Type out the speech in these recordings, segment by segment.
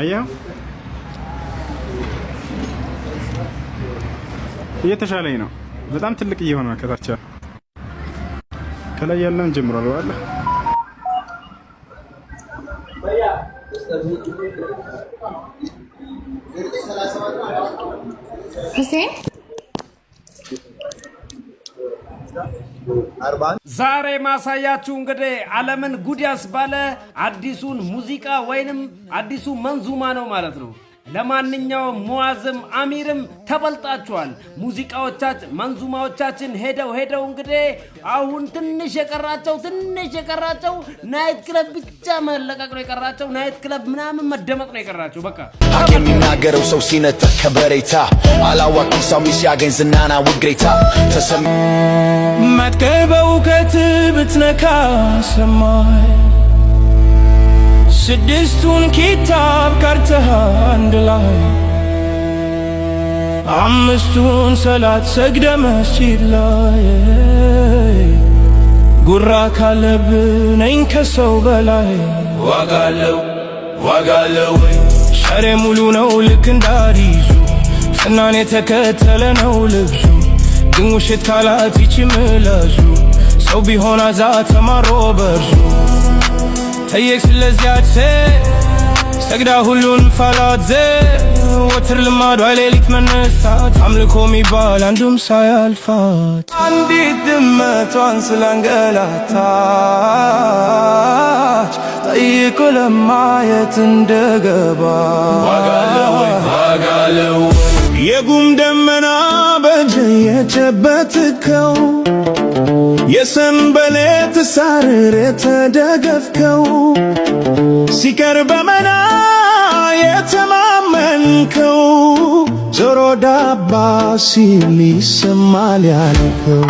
አየኸው እየተሻለኝ ነው። በጣም ትልቅ እየሆነ ነው ከታች ከላይ ያለን ጀምሯል ባለ ሁሴን ዛሬ ማሳያችሁ እንግዲህ ዓለምን ጉድ ያስባለ አዲሱን ሙዚቃ ወይንም አዲሱ መንዙማ ነው ማለት ነው። ለማንኛውም ሙዓዝም አሚርም ተበልጣችኋል። ሙዚቃዎቻችን መንዙማዎቻችን ሄደው ሄደው እንግዲህ አሁን ትንሽ የቀራቸው ትንሽ የቀራቸው ናይት ክለብ ብቻ መለቀቅ ነው የቀራቸው። ናይት ክለብ ምናምን መደመቅ ነው የቀራቸው። በቃ ሀቅ የሚናገረው ሰው ሲነጠ ከበሬታ አላዋቂ ሰሚ ሲያገኝ ዝናና ውግሬታ ተሰማ ማትገባው ከት ብትነካ ሰማይ ስድስቱን ኪታብ ቀርተህ አንድ ላይ አምስቱን ሰላት ሰግደ መስጂድ ላይ ጉራ ካለብ ነኝ ከሰው በላይ ዋጋለው ዋጋለው ሸሬ ሙሉ ነው ልክ እንዳሪዙ ፍናን የተከተለ ነው ልብሱ ግን ውሸት ካላት ይች ምላሱ ሰው ቢሆን አዛ ተማሮ በርሱ ተየክ ስለዚያች ሰግዳ ሁሉን ፋላት ዘ ወትር ልማዷ ሌሊት መነሳት አምልኮ ሚባል አንዱም ሳያልፋት አንዲት ድመቷን ስላንገላታች ጠይቆ ለማየት እንደገባ ዋጋለው የጉም ደም በጀየጨበት ከው የሰንበሌጥ ሳርር የተደገፍከው ሲቀር በመና የተማመንከው ጆሮ ዳባ ሲል ይሰማል ያልከው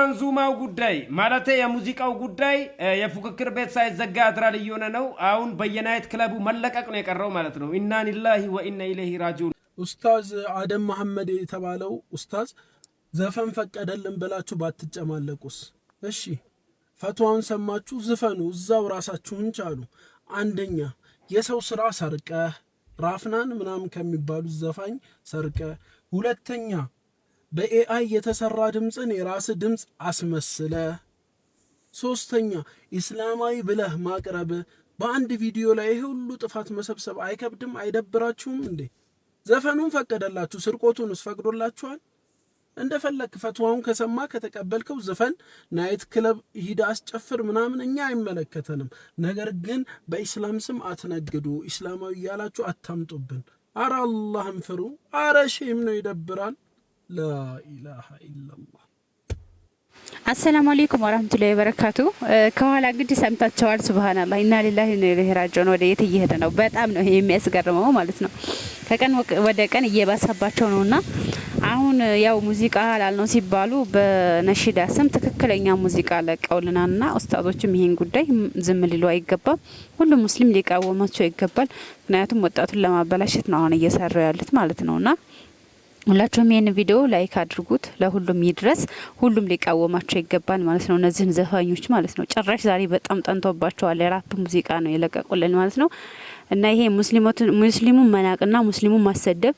የመንዙማው ጉዳይ ማለት የሙዚቃው ጉዳይ የፉክክር ቤት ሳይዘጋ አድራል እየሆነ ነው። አሁን በየናይት ክለቡ መለቀቅ ነው የቀረው ማለት ነው። ኢና ሊላሂ ወኢና ኢለይሂ ራጂዑን። ኡስታዝ አደም መሐመድ የተባለው ኡስታዝ ዘፈን ፈቀደልን ብላችሁ ባትጨማለቁስ? እሺ ፈትዋውን ሰማችሁ፣ ዝፈኑ እዛው ራሳችሁን ቻሉ። አንደኛ የሰው ስራ ሰርቀህ ራፍናን ምናምን ከሚባሉት ዘፋኝ ሰርቀህ፣ ሁለተኛ በኤአይ የተሰራ ድምፅን የራስ ድምፅ አስመስለ። ሶስተኛ ኢስላማዊ ብለህ ማቅረብ። በአንድ ቪዲዮ ላይ ይህ ሁሉ ጥፋት መሰብሰብ አይከብድም? አይደብራችሁም እንዴ? ዘፈኑን ፈቀደላችሁ፣ ስርቆቱንስ ፈቅዶላችኋል? እንደፈለክ ፈትዋውን ከሰማ ከተቀበልከው ዘፈን ናይት ክለብ ሂድ፣ አስጨፍር ምናምን፣ እኛ አይመለከተንም። ነገር ግን በኢስላም ስም አትነግዱ፣ ኢስላማዊ እያላችሁ አታምጡብን። አረ አላህም ፍሩ። አረ ሼም ነው፣ ይደብራል። ላኢላሃ ኢለላህ። አሰላሙ አሌይኩም ወራህመቱላሂ ወበረካቱ። ከኋላ እንግዲህ ሰምታቸዋል። ሱብሃናላህ ኢና ሊላሂ ወኢና ኢለይሂ ራጂዑን። ወደ የት እየሄደ ነው? በጣም ነው የሚያስገርመው ማለት ነው። ከቀን ወደ ቀን እየባሰባቸው ነውና አሁን ያው ሙዚቃ ላል ነው ሲባሉ በነሺዳ ስም ትክክለኛ ሙዚቃ ለቀውልናልና ኡስታዞችም ይሄን ጉዳይ ዝም ሊሉ አይገባም። ሁሉም ሙስሊም ሊቃወማቸው ይገባል። ምክንያቱም ወጣቱን ለማበላሸት ነው አሁን እየሰራው ያሉት ማለት ነውና ሁላችሁም ይህን ቪዲዮ ላይክ አድርጉት፣ ለሁሉም ይድረስ። ሁሉም ሊቃወማቸው ይገባል ማለት ነው፣ እነዚህን ዘፋኞች ማለት ነው። ጭራሽ ዛሬ በጣም ጠንቶባቸዋል። የራፕ ሙዚቃ ነው የለቀቁልን ማለት ነው። እና ይሄ ሙስሊሙን መናቅና ሙስሊሙን ማሰደብ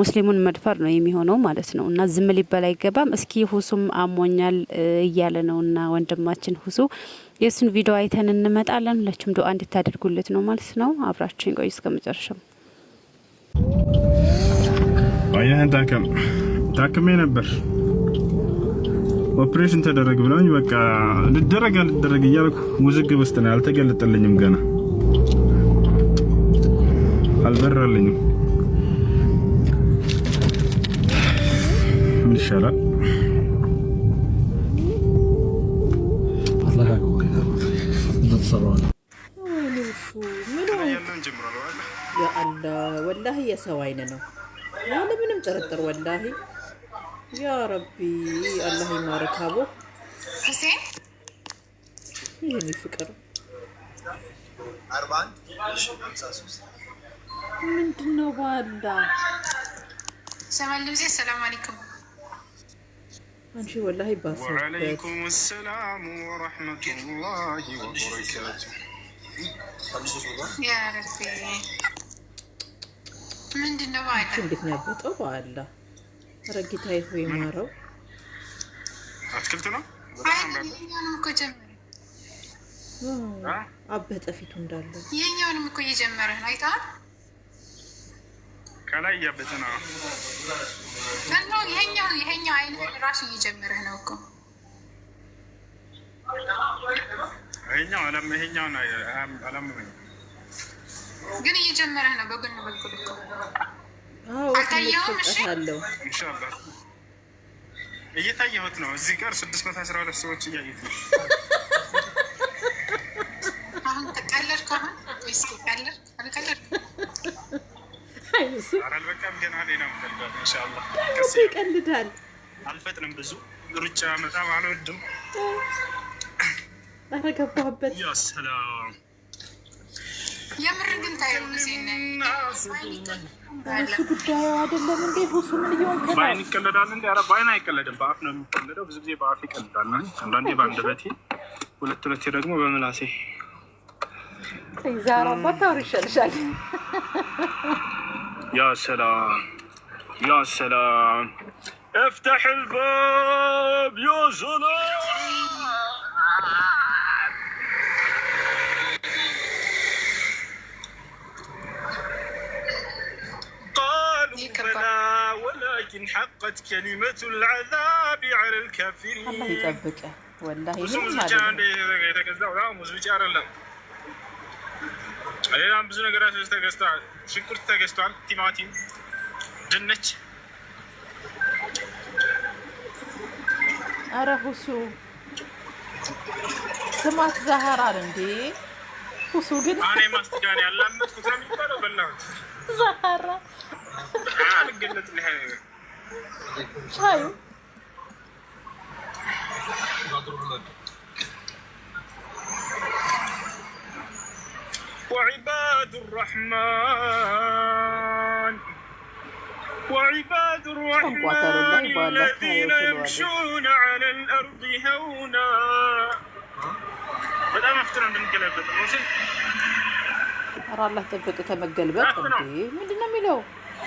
ሙስሊሙን መድፈር ነው የሚሆነው ማለት ነው። እና ዝም ሊበላ አይገባም። እስኪ ሁሱም አሞኛል እያለ ነው እና ወንድማችን ሁሱ የእሱን ቪዲዮ አይተን እንመጣለን። ሁላችሁም ዱአ እንድታደርጉለት ነው ማለት ነው። አብራችን ቆዩ እስከ መጨረሻው። አይነህን ታከም ታክሜ ነበር ኦፕሬሽን ተደረግ ብለውኝ በቃ ልደረግ አልደረግ እያልኩ ውዝግብ ውስጥ ነው። አልተገለጠልኝም፣ ገና አልበራልኝም። ምን ይሻላል? ወላሂ የሰው አይን ነው። ያለ ምንም ጥርጥር ወላሂ ያ ረቢ አላህ ይማረክ። አቦ ይህን ፍቅር ምንድን ነው? ባላ ሰላም አለይኩም አንቺ ወላሂ ባሰበት። ወአለይኩም ሰላም ወረሕመቱላሂ ወበረካቱ ያ ረቢ እንዴት ነው ያበጠው? በአላ ኧረ ጌታዬ ሆይ ማረው። አትክልት ነው አበጠ ፊቱ እንዳለ። የኛውንም እኮ እየጀመረ ነው አይተሃል። ከላይ እያበጠ ነው። ይሄኛው ይሄኛው አይነት ራሱ እየጀመረ ነው እኮ ይሄኛው አለም ይሄኛው አለም ነው ግን እየጀመረ ነው። በጎን በኩል አልታየሁም። እሺ እየታየሁት ነው። እዚህ ጋር ስድስት መቶ አስራ ሁለት ሰዎች እያየት ነው። አሁን ተቀለድኩ። አሁን ወይስ ቀለድኩ? አልቀለድኩም። አልበቃም ገና ሌላ ምፈልጋል። ኢንሻላህ ይቀልዳል። አልፈጥንም ብዙ ሩጫ በጣም አልወድም። አረገባበት ሰላም የምር ግን ታይሩ እሱ ጉዳዩ አይደለም እንዴ? ሁሱ ምን እየሆንክ ነው? በአይን ይቀለዳል እንዴ? ኧረ በአይን አይቀለድም፣ በአፍ ነው የሚቀለደው። ብዙ ጊዜ በአፍ ይቀለዳል። አንዳንዴ በአንደበቴ፣ ሁለት ሁለቴ ደግሞ በምላሴ ዛራ ባታወሪ ይሻልሻል። ያ ሰላም ያ ሰላም፣ እፍተሕ ልባብ ያ ሰላም لكن حقت كلمة العذاب على الكافرين الله يطبقه والله ሙዝ ብቻ አይደለም ሌላም ብዙ ነገራቶች ተገዝተዋል። ሽንኩርት ተገዝተዋል፣ ቲማቲም፣ ድንች። አረ ሁሱ ስማት ዛህራን እንዴ ሁሱ ግን እኔ ማስቲጋን ያላመጥኩት ነው የሚባለው በላሁት ዛህራ አልገለጽልህ طيب. وعباد الرحمن وعباد الرحمن الذين يمشون على الأرض هونا በጣም አፍጥነ እንደሚገለበጥ ነው ሲል ኧረ አላህ ጠበቅ ከመገልበጥ እንዴ ምንድን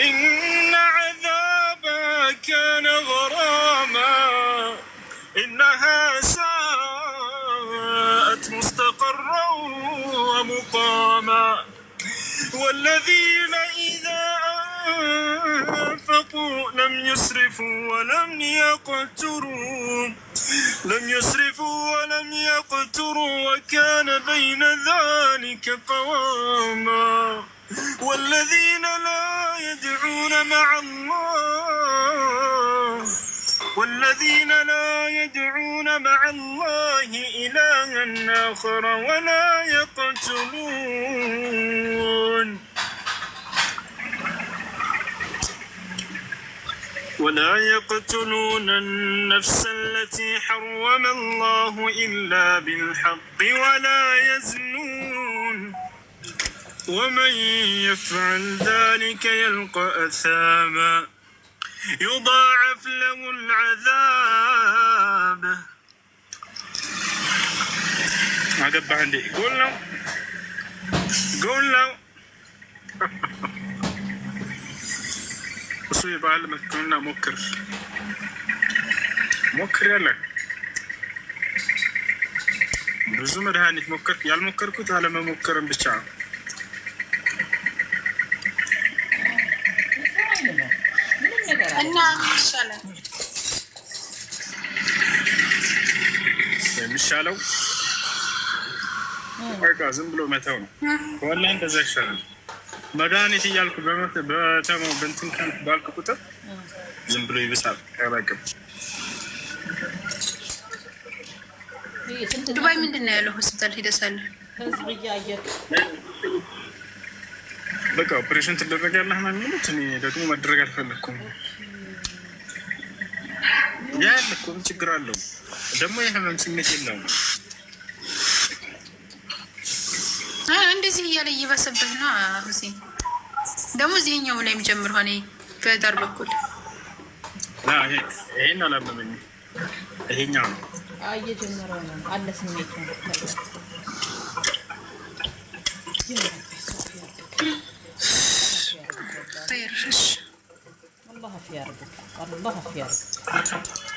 إن عذابها كان غراما إنها ساءت مستقرا ومقاما والذين إذا أنفقوا لم يسرفوا ولم يقتروا لم يسرفوا ولم يقتروا وكان بين ذلك قواما والذين لا يدعون مع الله والذين لا يدعون مع الله إلها آخر ولا يقتلون ولا يقتلون النفس التي حرم الله إلا بالحق ولا يزنون ومن يفعل ذلك يلقى أثاما يضاعف له العذاب ما عقب عندي قول له قول له أصيب بعلمك كنا مكر هاني مكر ብዙ መድኃኒት ሞከርክ። ያልሞከርኩት አለመሞከርን ብቻ ነው። እና ምን ይሻላል? የሚሻለው በቃ ዝም ብሎ መተው ነው። ወላሂ እንደዛ ይሻላል። መድኃኒት እያልኩ በተሞ በእንትን ቀን ባልክ ቁጥር ዝም ብሎ ይብሳል። አይበቅም። ዱባይ ምንድን ነው ያለው ሆስፒታል ሂደሳለ በቃ ኦፕሬሽን ትደረጋለህ ነው የሚሉት። እኔ ደግሞ መደረግ አልፈለግኩም። ያን እኮ ምን ችግር አለው? ደግሞ የህመም ስሜት የለውም። እንደዚህ እያለ እየባሰብህ ነው። ሁሴን። ደግሞ እዚህኛው ላይ የሚጀምር ሆኔ በዳር በኩል ይሄን አላመመኝ። ይሄኛው ነው እየጀመረው ነው አለ ስሜት ነው